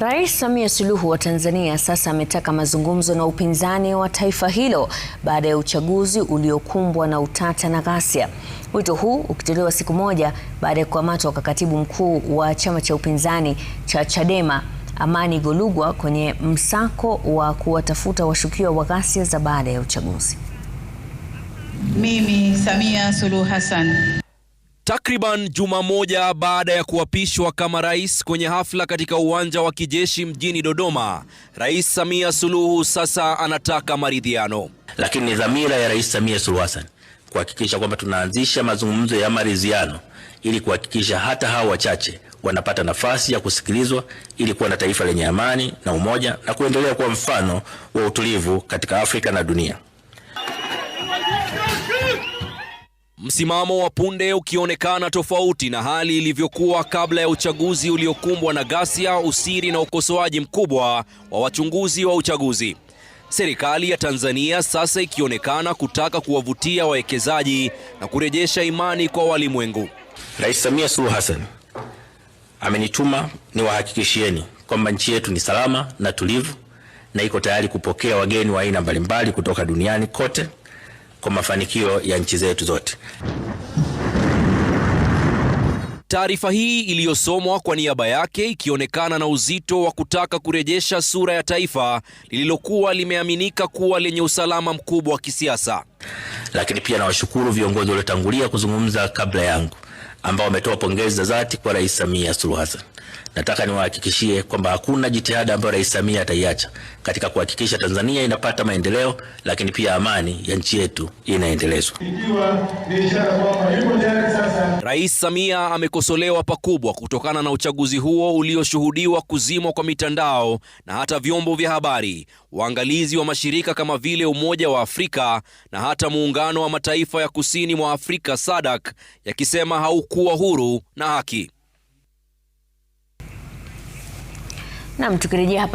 Rais Samia Suluhu wa Tanzania sasa ametaka mazungumzo na upinzani wa taifa hilo baada ya uchaguzi uliokumbwa na utata na ghasia. Wito huu ukitolewa siku moja baada ya kukamatwa kwa katibu mkuu wa chama cha upinzani cha Chadema Amani Golugwa kwenye msako wa kuwatafuta washukiwa wa ghasia za baada ya uchaguzi. Mimi Samia Suluhu Hassan Takriban juma moja baada ya kuapishwa kama rais kwenye hafla katika uwanja wa kijeshi mjini Dodoma, Rais Samia Suluhu sasa anataka maridhiano. Lakini ni dhamira ya Rais Samia Suluhu Hassan kuhakikisha kwamba tunaanzisha mazungumzo ya maridhiano ili kuhakikisha hata hawa wachache wanapata nafasi ya kusikilizwa ili kuwa na taifa lenye amani na umoja na kuendelea kuwa mfano wa utulivu katika Afrika na dunia. Msimamo wa punde ukionekana tofauti na hali ilivyokuwa kabla ya uchaguzi uliokumbwa na ghasia, usiri na ukosoaji mkubwa wa wachunguzi wa uchaguzi. Serikali ya Tanzania sasa ikionekana kutaka kuwavutia wawekezaji na kurejesha imani kwa walimwengu. Rais Samia Suluhu Hassan amenituma niwahakikishieni kwamba nchi yetu ni salama na tulivu na iko tayari kupokea wageni wa aina mbalimbali kutoka duniani kote kwa mafanikio ya nchi zetu zote. Taarifa hii iliyosomwa kwa niaba yake ikionekana na uzito wa kutaka kurejesha sura ya taifa lililokuwa limeaminika kuwa lenye usalama mkubwa wa kisiasa. Lakini pia nawashukuru viongozi waliotangulia kuzungumza kabla yangu ambao wametoa pongezi za dhati kwa Rais Samia Suluhu Hassan. Nataka niwahakikishie kwamba hakuna jitihada ambayo Rais Samia ataiacha katika kuhakikisha Tanzania inapata maendeleo, lakini pia amani ya nchi yetu inaendelezwa. Rais Samia amekosolewa pakubwa kutokana na uchaguzi huo ulioshuhudiwa kuzimwa kwa mitandao na hata vyombo vya habari, waangalizi wa mashirika kama vile Umoja wa Afrika na hata Muungano wa Mataifa ya Kusini mwa Afrika SADC yakisema haukuwa huru na haki. Naam, tukirejea hapa